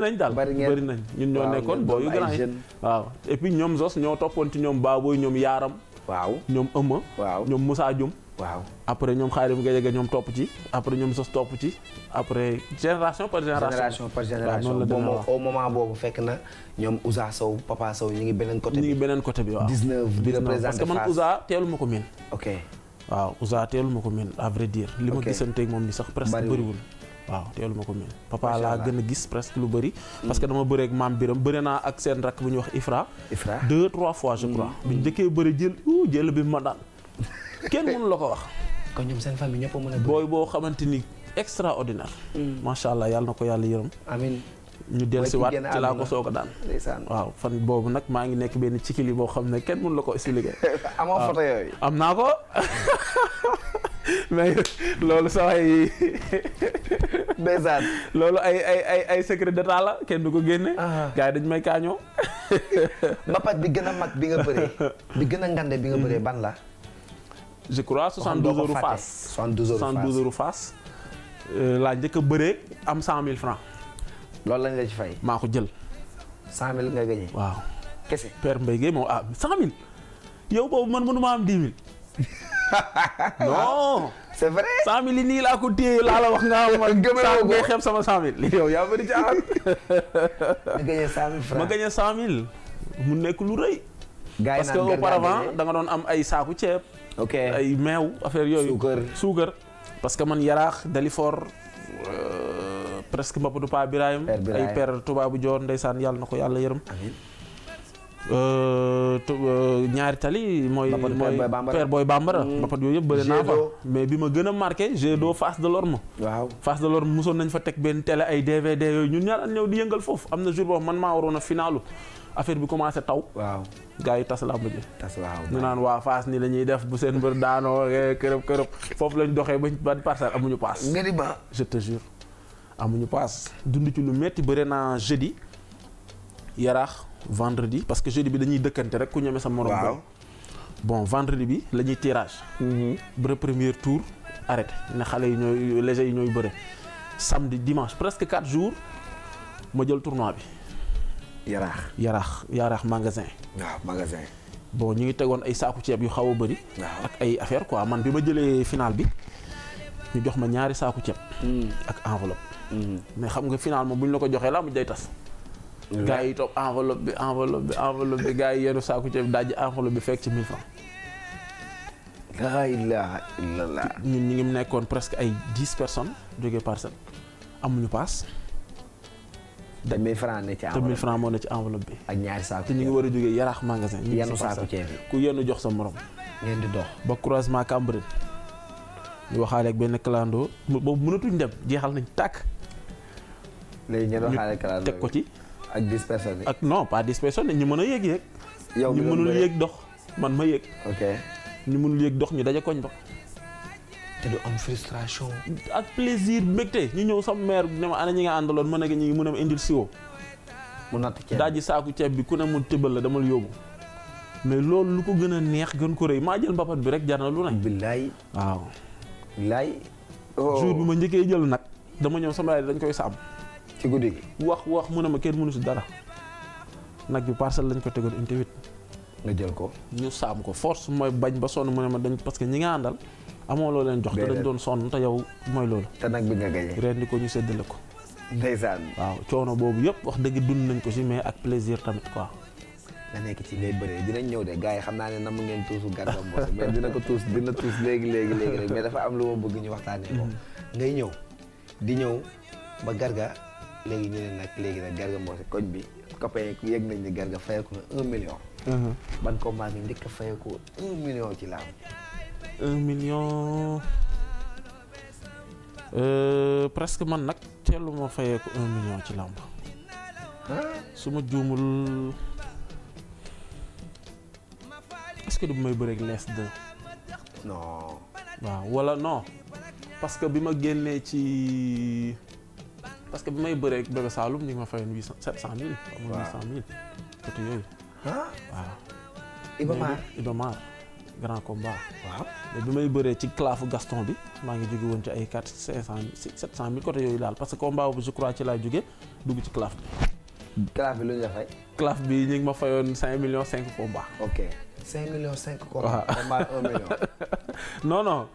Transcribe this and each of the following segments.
bëri nañ daal bëri nañ ñun ñoo nekkoon boo yu grand yi waaw et puis ñoom zos ñoo toppoon ci ñoom baaboy ñoom yaaram waaw ëmma ñoom Moussa waaw après ñoom xaarim ga jege ñoom topp ci après ñoom sos topp ci après génération par génération génération par génération boobu au moment boobu fekk na ñoom Ousa Sow Papa Sow ñu ngi beneen côté bi ñu ngi bi parce que man Ousa teelu ko miin ok ma ko miin moom ni sax presque bëriwul waaw teelu ma ko mel papa laa gën a gis presque lu bëri hmm. parce que dama bëreek ak maam biram bëri naa ak seen rakk bu ñuy wax ifra ifra deux trois fois je hmm. crois bu ñu bëri jël jël bi ma daan kenn mënu la ko wax kon ñoom seen famille ñëpp a mën boo xamante ni extraordinaire hmm. macha allah yàlla na ko yàlla yërëm amiin ñu dellusiwaat ci laa ko soog a waaw fan boobu nag maa ngi nekk benn cikili boo xam ne kenn mënu la ko expliquer amoo photo yooyu am naa ko mais loolu sax ay. ndeysaan. loolu ay ay ay ay de d'état la kenn du ko génne. Ah. gars yi dañu may kaañoo. mbapat bi gën a mag bi nga bëree. bi gën a ngande bi nga bëree ban la. je crois 72 euros face 72 euros face 72 euros face. laa njëkk a bëree am 100000 francs loolu lañ la ci fay. maa ko jël. 100000 nga gagné. waaw. kese Père Mbaye Guèye moom ah 100000. yow boobu man mënuma am 10000. non. c'est vrai yi nii laa ko téye laa la wax nga xam ma gëmëloo ngay xeeb sama cent mille yaa bëri caaxaan ma gagné cent mille mu nekk lu rëy parce que auparavant da doon am ay saaku ceeb ok ay meew affaire yooyu suukar suukar parce que man yaraax Dalifort euh, presque mbapadu pa Birahim ay père tubaabu joor ndeysaan yàlla na ko yàlla yërëm Euh, euh, ñaari tali mooy mooy Père Boy Bambara mbapat mm. yooyu yëpp bëri naa fa mais bi ma gën a marqué jeu d'eau face de l'orme waaw face de l'orme mosoon nañ fa teg benn télé ay DVD yooyu ñun ñaar an am na jour man maa waroon a finaalu affaire bi commencé taw waaw gars yi tas làmb ji tas ñu naan waa Fass ni la def bu seen mbër daanoo kërëb eh, kërëb foofu lañ doxee ba ban parcelle amuñu paas nga di ba je te jure amuñu paas dund ci lu metti bëri naa jeudi yaraax vendredi parce que jeudi bi dañuy dëkkante rek ku ñeme sa morom. waaw bon vendredi bi la ñuy tirage. Mhm. bëre première tour arrêté ne xale yi ñooy léger yi ñooy bëre. samedi dimanche presque quatre jours ma jël tournoi bi. yaraax yaraax yaraax magasin. magasin. bon ñu ngi tegoon ay saaku ceeb yu xaw a bëri. ak ay affaire quoi man bi ma jëlee final bi ñu jox ma ñaari saaku ceeb. Mhm. ak enveloppe. Mhm. mais xam nga final moom bu ñu la ko joxee laa mu day tas. gars yi topp enveloppe bi enveloppe bi enveloppe bi gars yi yenu saako ceeb dajji enveloppe bi fekk ci 1000 francs laa ñun ñu ngi nekkoon presque ay dix personnes jógee parcelle amuñu paas. te mille francs ne ci ci enveloppe bi. ak ñaari saako te ñu ngi war a jógee yaraax magasin. yenn saako ceeb ku yenn jox sa morom. ngeen di dox ba croisement Cambérène. ñu waxaale ak benn clando boobu mënatuñ dem jeexal nañ tàkk. léegi ngeen waxaale teg ko ci. ak dix personnes ak non pas dix personnes ñu mën a yéeg yéeg. yow ñu mënul yéeg dox man ma yéeg. ok ñu mënul yéeg dox ñu daje koñ ba. te du am frustration. ak plaisir mbégte ñu ñëw sama mère ne ma ana ñi nga àndaloon ma ne ñi mun a indil siwo. mu natt ceeb daa ji saaku ceeb bi ku ne mu tëbal la dama yóbbu. mais loolu lu ko gën a neex gën ko rëy maa jël mbapat bi rek jar na lu ne. billaay waaw. billaay. Oh. bi ma njëkkee jël nag dama ñëw sama yaay dañ koy sàmm. ci guddi wax wax mu ne ma kenn mënu si dara nag bi parcelle lañ ko tegoon unité nga jël ko. ñu saam ko force mooy bañ ba sonn mu ne ma dañ parce que ñi nga àndal amoo loo leen jox. te doon sonn te yow mooy loolu. te nag bi nga gañee ren di ko ñu séddale ko. ndeysaan. waaw coono boobu yëpp wax dëgg dund nañ ko si mais ak plaisir tamit quoi. nga nekk ci ngay bëree dinañ ñëw de gars yi xam naa ne mu ngeen tuusu Garga Mbossé mais dina ko tuus dina tuus léegi léegi léegi mais dafa am lu ma bëgg ñu waxtaanee ko. Mhm. ngay ñëw di ñëw ba Garga léegi ñu nag léegi nag Garga Mbossé koñ bi copain yi yegg nañ ni Garga fayeku na un million. Mhm. un million ci laam. Euh, presque man nag teelu ma fayeeku un million ci làmb su ma juumul est du may bëreeg lees waaw wala non parce bi ma génnee ci parce que bi may bëree Bébé Saloum ñu ngi ma fayoon huit may bëree ci clafu Gaston bi maa ngi jóge woon ci ay quatre cinq cent sept cent mille côté yooyu daal parce que combat boobu je laa jóge dugg ci bi. la bi ñu ngi ma fayoon cinq millions ok cinq millions cinq combat. waaw non non.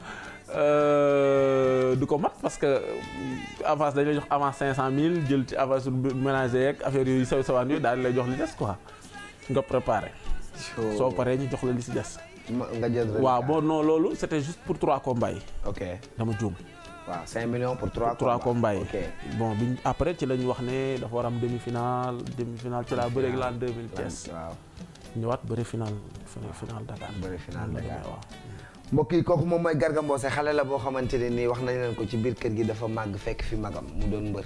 Euh, du ko mat parce que euh, avance dañu lay cinq avance mille jël ci avance ménager yeeg affaire yooyu saw sawaan yooyu daal di lay jox li des quoi nga préparé. Oh. soo paree ñu jox la li si des. nga jël waaw bon non loolu c' juste pour 3 combats yi. ok dama juum. waaw 5 millions pour 3 combats bon biñ après ci lañ wax ne dafa war am demi finale demi finale ci laa bëreeg laan 2000 pièces. waaw ñëwaat bëri final. bëri final mbokk yi kooku moom mooy Garga Mbossé xale la boo xamante ne nii wax nañ leen ko ci biir kër gi dafa màgg fekk fi magam mu doon mbër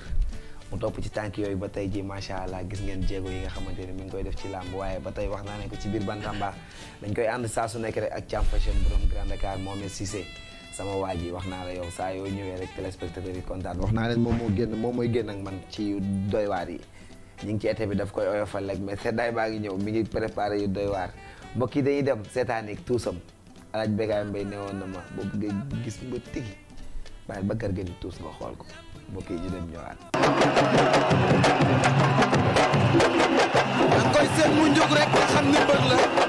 mu topp ci tànk yooyu ba tey ji macha allah gis ngeen jéego yi nga xamante ne mi ngi koy def ci làmb waaye ba tey wax naa ne ko ci biir Bantamba dañ koy ànd saa su nekk rek ak Thiam Fashion borom Grand Dakar Mohamed sama waa ji wax naa la yow saa yoo ñëwee rek téléspectateurs yi kontaan wax naa leen moom moo génn moom mooy ak man ci doy waar yi ñu ngi ci été bi daf koy oyofal rek mais seddaay baa ngi ñëw mi ngi prépar yu doy waar mbokk yi dañuy dem seetaani tuusam alaaj Bécaye Mbaye ne woon na ma boobu ngay gis nga tigi bàyyi ñu tuus nga xool ko mbokk yi ñu dem ñëwaat. da nga koy seet mu njóg rek nga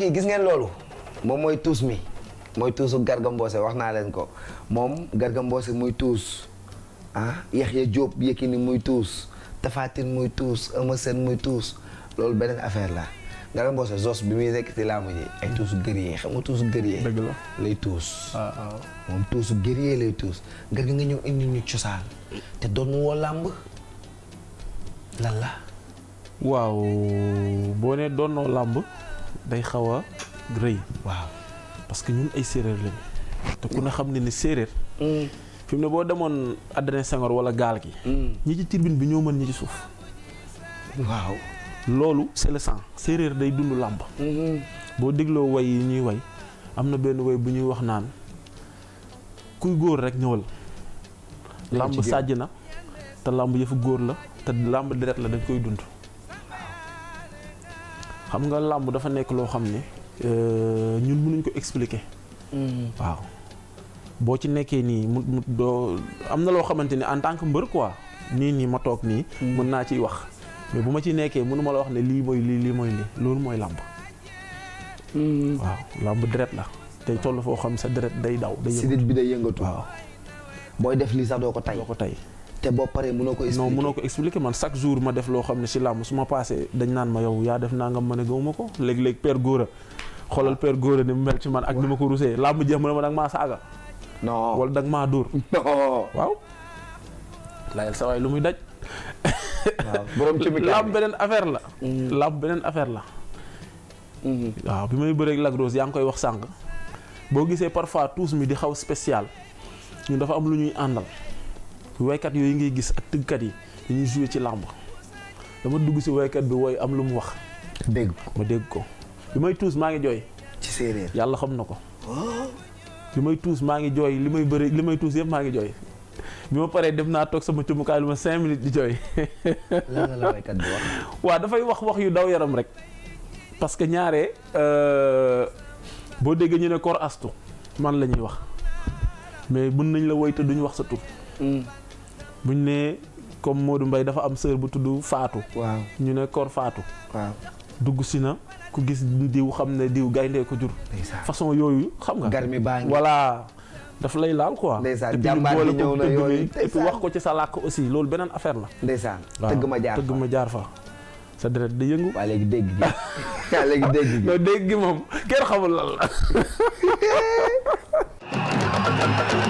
mbokk yi gis ngeen loolu moom mooy tuus mi mooy tuusu gargo mboose wax naa leen ko moom Garga Mbossé muy tuus ah Yaxya Jóob ni muy tuus Tafatin muy tuus Eumeu Sène muy tuus loolu beneen affaire la Garga Mbossé zos bi muy nekk ci laamu ji ay tuusu xam nga tuusu guerrier lay tuus ah, ah. moom tuusu guerrier lay tuus Garga nga ñëw indi ñu cosaan te doon woo làmb lan la waaw boo ne doonoo làmb day xaw a rëy. waaw parce que ñun ay séeréer lañu. te ku ne xam ne ni séeréer. Mm. fi mu ne boo demoon Adrien Senghor wala gaal gi. Mm. ñi ci tribune bi ñoo mën ñi ci suuf. waaw loolu c'est le sang séeréer day dund làmb. Mm-hmm. boo dégloo woy yi ñuy woy am na benn woy bu ñuy wax naan kuy góor rek ñëwal. làmb sàjj na te làmb yëfu góor la te làmb deret la dañ koy dund. xam nga làmb dafa nekk loo xam ne euh, ñun mënuñ ko expliquer. Hmm. waaw boo ci nekkee nii mu mu doo am na loo xamante ni en tant que mbër quoi nii nii ma toog nii. Hmm. mën naa ciy wax mais bu ma ci nekkee mënu ma la wax ne lii mooy lii lii mooy lii loolu mooy làmb. Hmm. waaw làmb deret la te toll foo xam sa deret day daw. day yëngatu sidit bi day yëngatu. waaw booy def lii sax doo ko tay doo ko tay te boo paree munoo ko expliquer non mënoo ko expliquer man chaque jour ma def loo xam ne si làmb su ma paasee dañ naan ma yow yaa def naa nga mën a gëmuma ko léeg-léeg père góora xoolal per góora ni mu mel ci man ak ni ma ko rusee làmb jeex ma ne ma danga maa saaga non maa dóor waaw layel lu muy daj borom ci làmb beneen affaire la mm-hmm. làmb beneen affaire la mm-hmm. waaw bi may bëreeg Lac yaa ngi koy wax sànq boo gisee parfois tous mi di xaw spécial ñun dafa am lu ñuy àndal waykat yooyu ngay gis ak tëggkat yi dañuy joué ci làmb dama dugg si waykat bi wooy am lu mu wax. dégg ko ma dégg ko li may tuus maa ngi jooy. séeréer yàlla xam na ko. li oh. may tuus maa ngi jooy li may bëri li may tuus yëpp maa ngi jooy. bi ma paree dem naa toog sama cumukaay lu ma cinq minutes di jooy. lan la waykat dafay wax wax yu daw yaram rek. parce que ñaare euh, boo déggee ñu ne kor astu man la ñuy wax mais mën nañ la woy te duñu wax sa tur. Mm. bu ñu nee comme Modou mbay dafa am sœur bu tudd Fatou. waaw ñu ne Kor Fatou. dugg si na ku gis diw xam ne diw gayndee ko jur. façon yooyu xam nga. garmi baa ngi daf lay laal quoi. ndeysaan jàmbaar bi ñëw na wax ko ci sa aussi loolu beneen affaire la. ndeysaan tëgg ma jaar fa ma jaar fa. sa deret di yëngu. waa léegi dégg gi waa léegi dégg gi. moom kenn xamul lan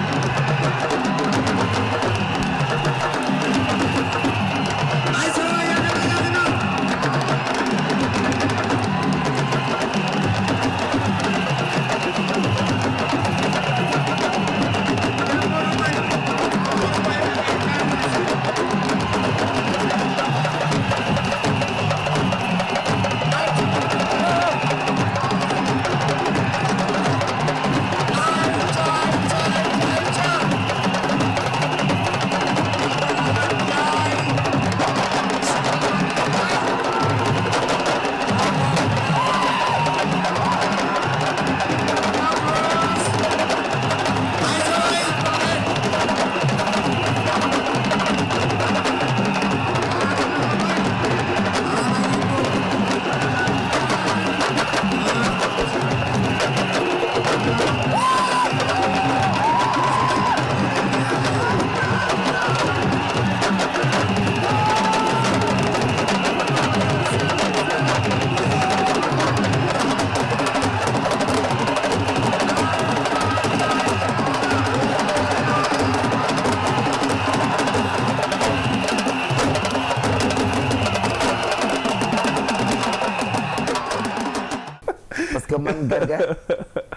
garga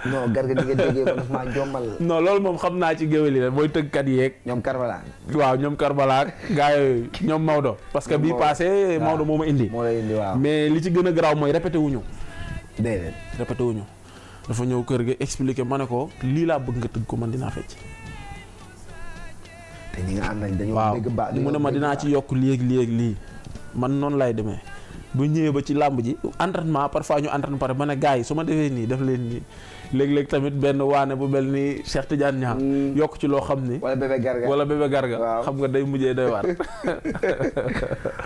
non garga di nga déggee loolu moom xam naa ci géwél yi la mooy tëggkat yeeg ñoom Karbala waaw ñoom Karbala gaa yooyu ñoom Maodo parce que bii passé Maodo moo ma indi moo la indi mais li ci gën a garaaw mooy répété wuñu déedéet répété wuñu dafa ñëw kër gi expliquer ma ne ko lii laa bëgg nga tëgg ko man dinaa fecc te nañ dañoo bëgg baax waaw mu ne ma dinaa ci yokk lii ak lii ak lii man noonu laay demee bu ñëwee ba ci làmb ji entraînement parfois ñu entraîne pare ma ne gars yi su ma defee nii daf leen nii léeg-léeg tamit benn waane bu mel ni Cheikh Tidiane Niang mm. yokk ci loo xam ni wala bébé garga wala bébé garga xam nga day mujjee day waar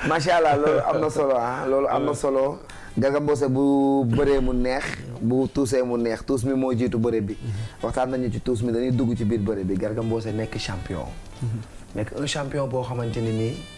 macha allah am na solo ah loolu am na solo Garga Mbossé bu bëree mu neex bu tuusee mu neex tuus mi moo jiitu bëre bi waxtaan nañu ci tuus mi dañuy dugg ci biir bëre bi Garga Mbossé nekk champion mm-hmm. nekk un champion boo xamante ni nii